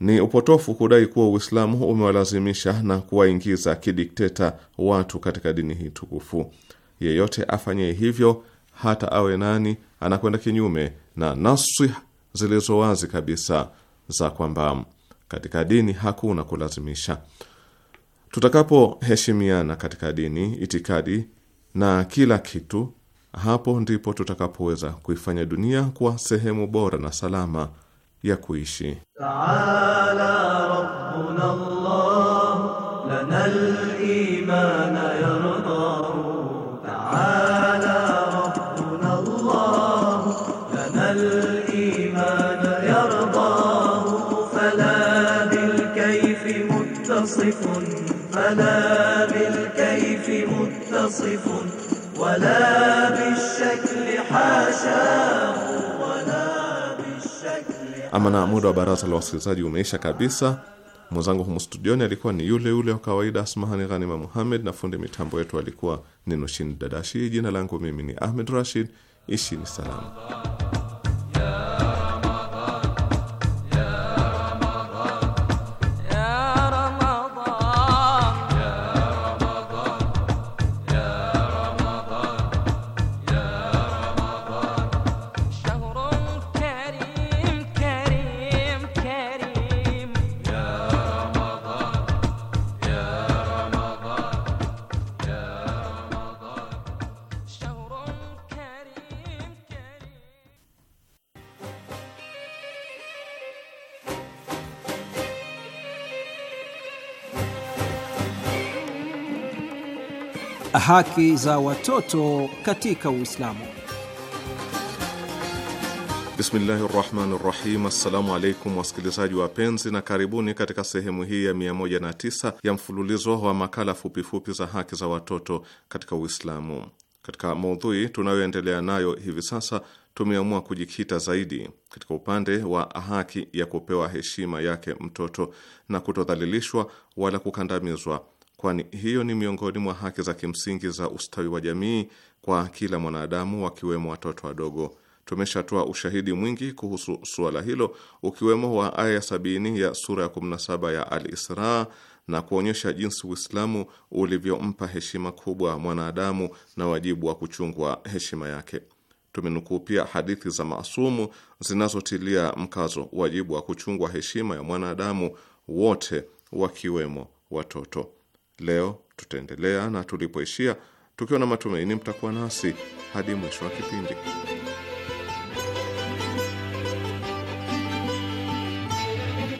Ni upotofu kudai kuwa Uislamu umewalazimisha na kuwaingiza kidikteta watu katika dini hii tukufu. Yeyote afanye hivyo hata awe nani, anakwenda kinyume na naswi zilizo wazi kabisa za kwamba katika dini hakuna kulazimisha. Tutakapoheshimiana katika dini, itikadi na kila kitu, hapo ndipo tutakapoweza kuifanya dunia kuwa sehemu bora na salama ya kuishi. Taala منصف فلا بالكيف متصف ولا بالشكل حاشاه ama na muda wa baraza la wasikilizaji umeisha kabisa. Mwenzangu humu studioni alikuwa ni yule yule wa kawaida Asmahani Ghanima muhammed na fundi mitambo yetu alikuwa ni Nushin Dadashi. Jina langu mimi ni Ahmed Rashid. Ishi ni salamu haki za watoto katika Uislamu. Bismillahi rahmani rahim. Assalamu alaikum wasikilizaji wapenzi, na karibuni katika sehemu hii ya 109 ya mfululizo wa makala fupifupi za haki za watoto katika Uislamu. Katika maudhui tunayoendelea nayo hivi sasa, tumeamua kujikita zaidi katika upande wa haki ya kupewa heshima yake mtoto na kutodhalilishwa wala kukandamizwa kwani hiyo ni miongoni mwa haki za kimsingi za ustawi wa jamii kwa kila mwanadamu, wakiwemo watoto wadogo. Tumeshatoa ushahidi mwingi kuhusu suala hilo ukiwemo wa aya ya sabini ya sura ya 17 ya Al-Isra na kuonyesha jinsi Uislamu ulivyompa heshima kubwa mwanadamu na wajibu wa kuchungwa heshima yake. Tumenukuu pia hadithi za maasumu zinazotilia mkazo wajibu wa kuchungwa heshima ya mwanadamu wote wakiwemo watoto. Leo tutaendelea na tulipoishia, tukiwa na matumaini mtakuwa nasi hadi mwisho wa kipindi.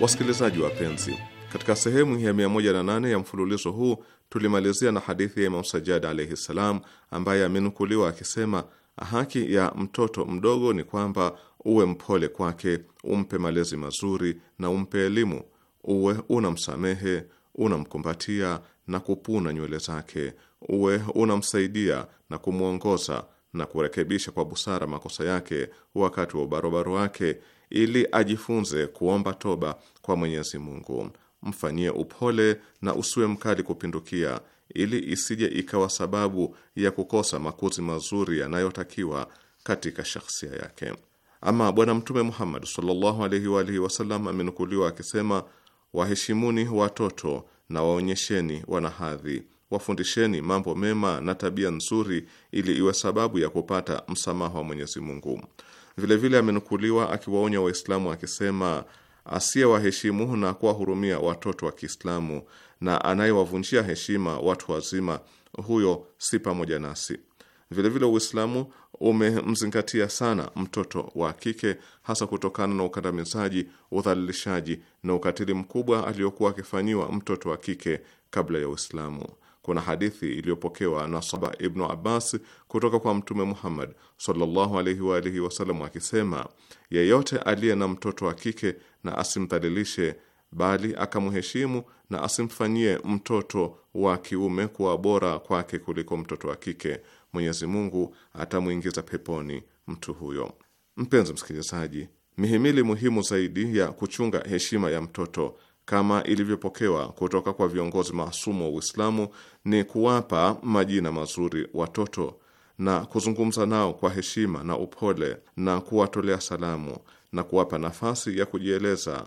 Wasikilizaji wapenzi, katika sehemu ya 108 ya mfululizo huu tulimalizia na hadithi ya Imam Sajjad alaihi ssalam, ambaye amenukuliwa akisema haki ya mtoto mdogo ni kwamba uwe mpole kwake, umpe malezi mazuri na umpe elimu, uwe unamsamehe unamkumbatia na kupuna nywele zake, uwe unamsaidia na kumwongoza na kurekebisha kwa busara makosa yake wakati wa ubarobaro wake, ili ajifunze kuomba toba kwa Mwenyezi Mungu. Mfanyie upole na usiwe mkali kupindukia, ili isije ikawa sababu ya kukosa makuzi mazuri yanayotakiwa katika shakhsia yake. Ama Bwana Mtume Muhammad sallallahu alaihi wa alihi wasallam amenukuliwa akisema waheshimuni watoto na waonyesheni wanahadhi, wafundisheni mambo mema na tabia nzuri, ili iwe sababu ya kupata msamaha wa Mwenyezi Mungu. Vilevile amenukuliwa akiwaonya Waislamu akisema, asiyewaheshimu na kuwahurumia watoto wa Kiislamu na anayewavunjia heshima watu wazima, huyo si pamoja nasi. Vilevile Uislamu umemzingatia sana mtoto wa kike, hasa kutokana na ukandamizaji, udhalilishaji na ukatili mkubwa aliyokuwa akifanyiwa mtoto wa kike kabla ya Uislamu. Kuna hadithi iliyopokewa na saba Ibnu Abbas kutoka kwa Mtume Muhammad sallallahu alaihi wa alihi wasallam akisema, yeyote aliye na mtoto wa kike na asimdhalilishe, bali akamheshimu na asimfanyie mtoto wa kiume kuwa bora kwake kuliko mtoto wa kike Mwenyezi Mungu atamwingiza peponi mtu huyo. Mpenzi msikilizaji, mihimili muhimu zaidi ya kuchunga heshima ya mtoto kama ilivyopokewa kutoka kwa viongozi maasumu wa Uislamu ni kuwapa majina mazuri watoto na kuzungumza nao kwa heshima na upole na kuwatolea salamu na kuwapa nafasi ya kujieleza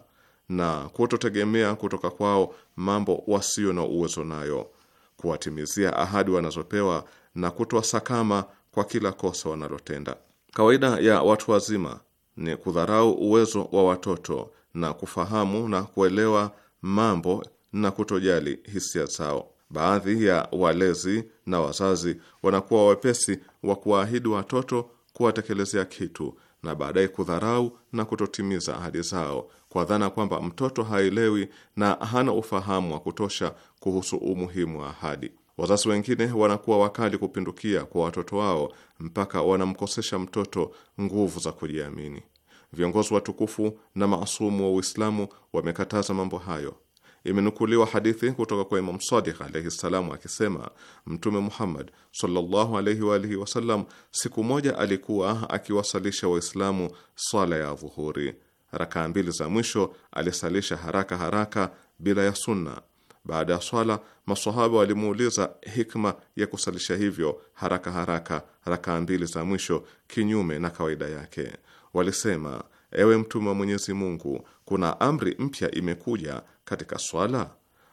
na kutotegemea kutoka kwao mambo wasio na uwezo nayo, kuwatimizia ahadi wanazopewa na kutoa sakama kwa kila kosa wanalotenda. Kawaida ya watu wazima ni kudharau uwezo wa watoto na kufahamu na kuelewa mambo na kutojali hisia zao. Baadhi ya walezi na wazazi wanakuwa wepesi wa kuwaahidi watoto kuwatekelezea kitu na baadaye kudharau na kutotimiza ahadi zao kwa dhana kwamba mtoto haelewi na hana ufahamu wa kutosha kuhusu umuhimu wa ahadi. Wazazi wengine wanakuwa wakali kupindukia kwa watoto wao mpaka wanamkosesha mtoto nguvu za kujiamini. Viongozi watukufu na maasumu wa Uislamu wamekataza mambo hayo. Imenukuliwa hadithi kutoka kwa Imam Sadiq alaihi ssalam akisema, Mtume Muhammad sallallahu alaihi wa alihi wasallam siku moja alikuwa akiwasalisha Waislamu swala ya dhuhuri. Rakaa mbili za mwisho alisalisha haraka haraka bila ya sunna. Baada ya swala, masahaba walimuuliza hikma ya kusalisha hivyo haraka haraka rakaa mbili za mwisho kinyume na kawaida yake. Walisema, ewe Mtume wa Mwenyezi Mungu, kuna amri mpya imekuja katika swala?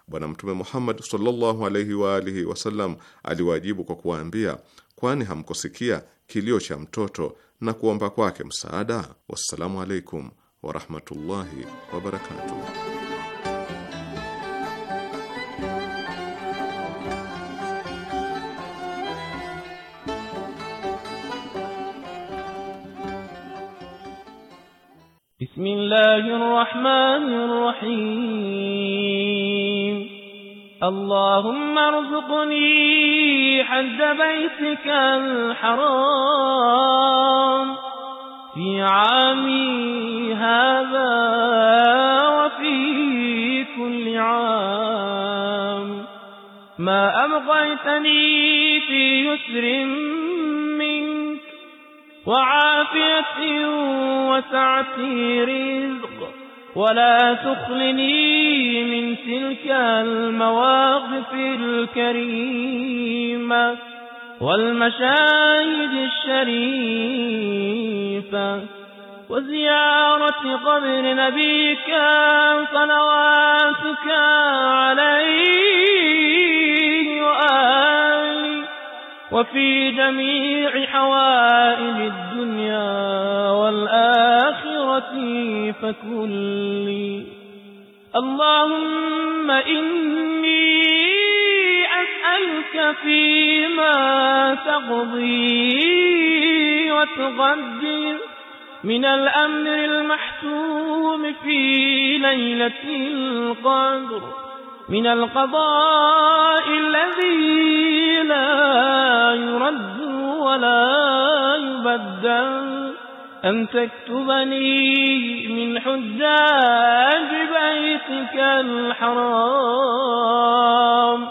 Bwana Mtume Muhammad sallallahu alaihi wa alihi wasallam aliwajibu kwa kuwaambia, kwani hamkusikia kilio cha mtoto na kuomba kwake msaada? Wassalamu alaikum warahmatullahi wabarakatuh. بسم الله الرحمن الرحيم اللهم ارزقني حج بيتك الحرام في عامي هذا وفي كل عام ما أبغيتني في يسر وعافية وسعة رزق ولا تخلني من تلك المواقف الكريمة والمشاهد الشريفة وزيارة قبر نبيك صلواتك عليه وآله وفي جميع حوائج الدنيا والآخرة فكلي اللهم إني أسألك فيما تقضي وتغدر من الأمر المحتوم في ليلة القدر من القضاء الذي لا يرد ولا يبدل أن تكتبني من حجاج بيتك الحرام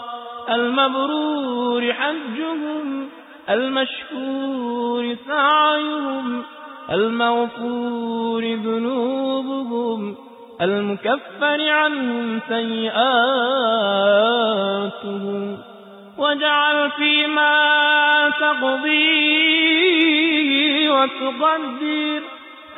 المبرور حجهم المشكور سعيهم المغفور ذنوبهم المكفر عنهم سيئاته واجعل فيما تقضي وتقدر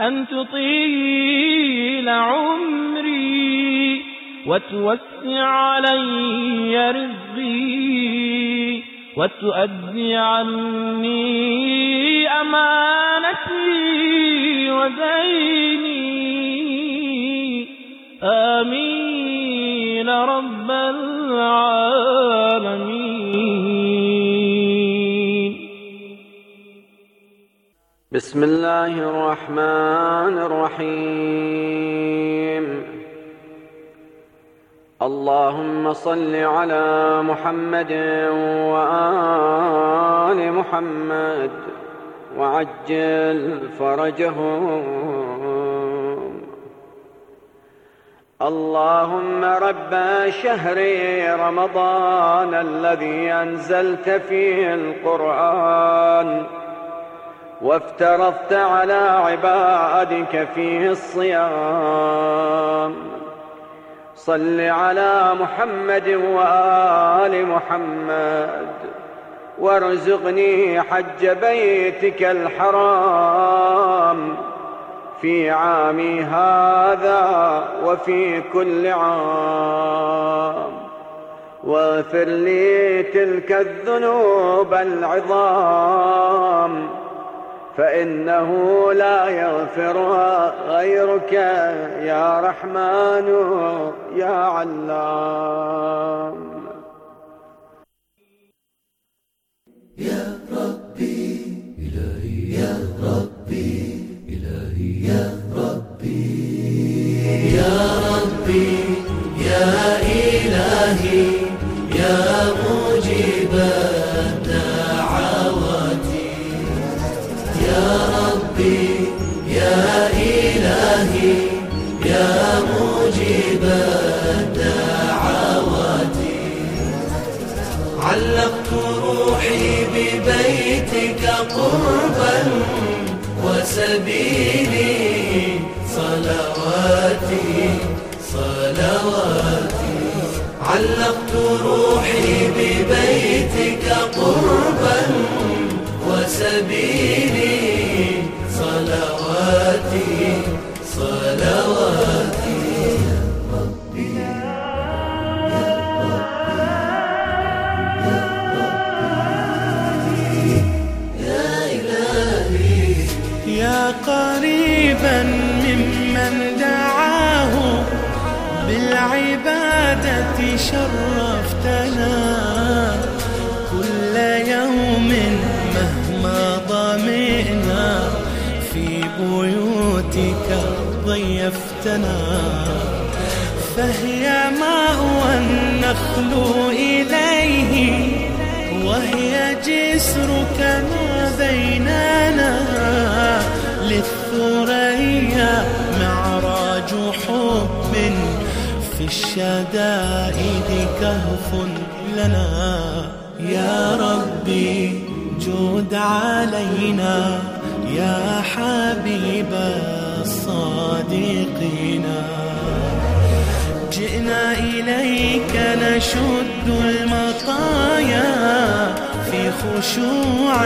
أن تطيل عمري وتوسع علي رزقي وتؤدي عني أماني بسم الله الرحمن الرحيم اللهم صل على محمد وآل محمد وعجل فرجهم اللهم رب شهر رمضان الذي أنزلت فيه القرآن وافترضت على عبادك فيه الصيام صل على محمد وآل محمد وارزقني حج بيتك الحرام في عامي هذا وفي كل عام واغفر لي تلك الذنوب العظام فإنه لا يغفرها غيرك يا رحمن يا علام يا ربي إلهي يا ربي إلهي يا ربي يا ربي يا إلهي يا ربي ببيتك قربا وسبيلي صلواتي صلواتي علقت روحي ببيتك قربا وسبيلي صلواتي صلواتي ضيفتنا فهي ماء النخل إليه وهي جسرك ما بيننا للثريا معراج حب في الشدائد كهف لنا يا ربي جود علينا يا حبيبي صادقنا جئنا إليك نشد المطايا في خشوع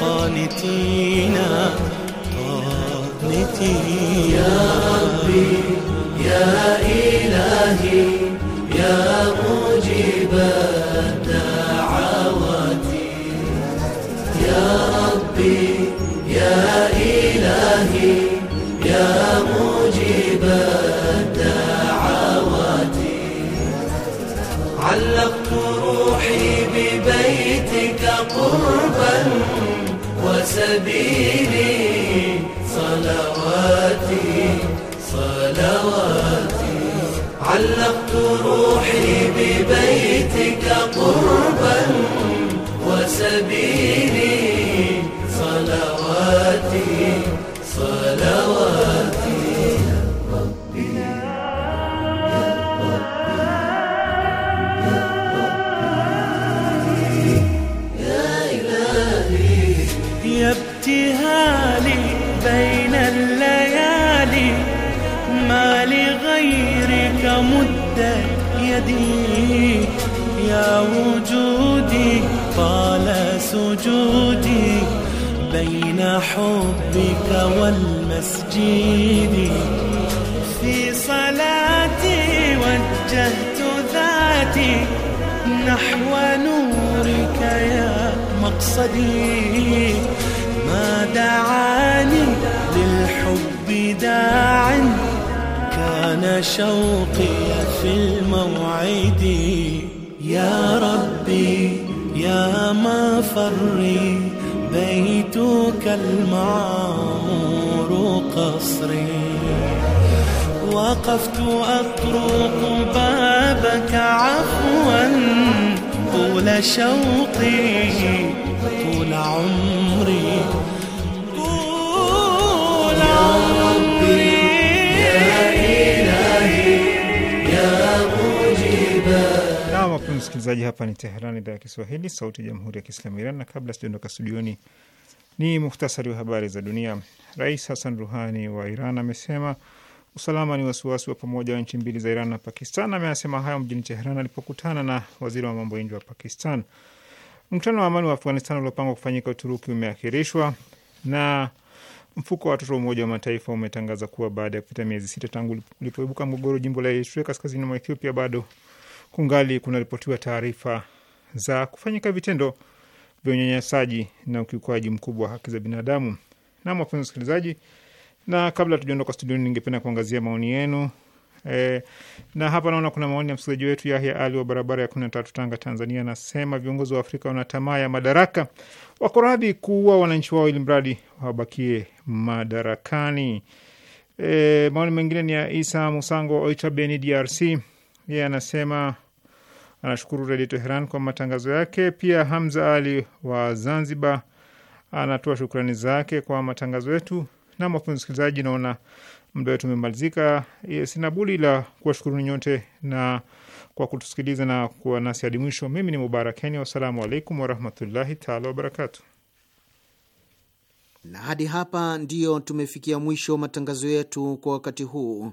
قانتين قانتين يا ربي يا إلهي يا مجيب الدعوات يا ربي يا مجيب الدعوات علقت روحي ببيتك قربا وسبيلي صلواتي صلواتي علقت روحي ببيتك قربا وسبيلي صلواتي صلواتي يا إلهي يا ابتهالي بين الليالي ما لغيرك يدي يا وجودي طال سجودي حبك والمسجد في صلاتي وجهت ذاتي نحو نورك يا مقصدي ما دعاني للحب داع كان شوقي في الموعد يا ربي يا ما فري بيتك المعمور قصري وقفت أطرق بابك عفوا طول شوقي طول عمري طول عمري يا إلهي يا مجيبا Naam, wapenzi msikilizaji, hapa ni Teheran, idhaa ya Kiswahili, sauti ya jamhuri ya kiislamu Iran. Na kabla sijaondoka studioni, ni muhtasari wa habari za dunia. Rais Hassan Ruhani wa Iran amesema usalama ni wasiwasi wa pamoja wa nchi mbili za Iran na Pakistan. Ameyasema hayo mjini Teheran alipokutana na waziri wa mambo ya nje wa Pakistan. Mkutano wa amani wa Afghanistan uliopangwa kufanyika Uturuki umeakhirishwa. na mfuko wa watoto wa Umoja wa Mataifa umetangaza kuwa baada ya kupita miezi sita tangu ulipoibuka mgogoro jimbo la Eritrea kaskazini mwa Ethiopia bado kungali kunaripotiwa taarifa za kufanyika vitendo vya unyanyasaji na ukiukaji mkubwa wa haki za binadamu. Na wapenzi wasikilizaji, na kabla tujaondoka studioni, ningependa kuangazia maoni yenu. E, na hapa naona kuna maoni ya msikilizaji wetu Yahya Ali wa barabara ya kumi na tatu Tanga, Tanzania. Anasema viongozi wa Afrika wana tamaa ya madaraka, wako radhi kuua wananchi wao ili mradi wabakie madarakani. E, maoni mengine ni ya Isa Musango Oicha Beni, DRC. Yeye anasema anashukuru Redio Teheran kwa matangazo yake. Pia Hamza Ali wa Zanzibar anatoa shukrani zake kwa matangazo yetu. Na wapenzi wasikilizaji, naona muda wetu umemalizika. Sina budi la kuwashukuruni nyote na kwa kutusikiliza na kuwa nasi hadi mwisho. Mimi ni Mubarak Kenya, wassalamu alaikum warahmatullahi taala wabarakatu. Na hadi hapa ndiyo tumefikia mwisho matangazo yetu kwa wakati huu.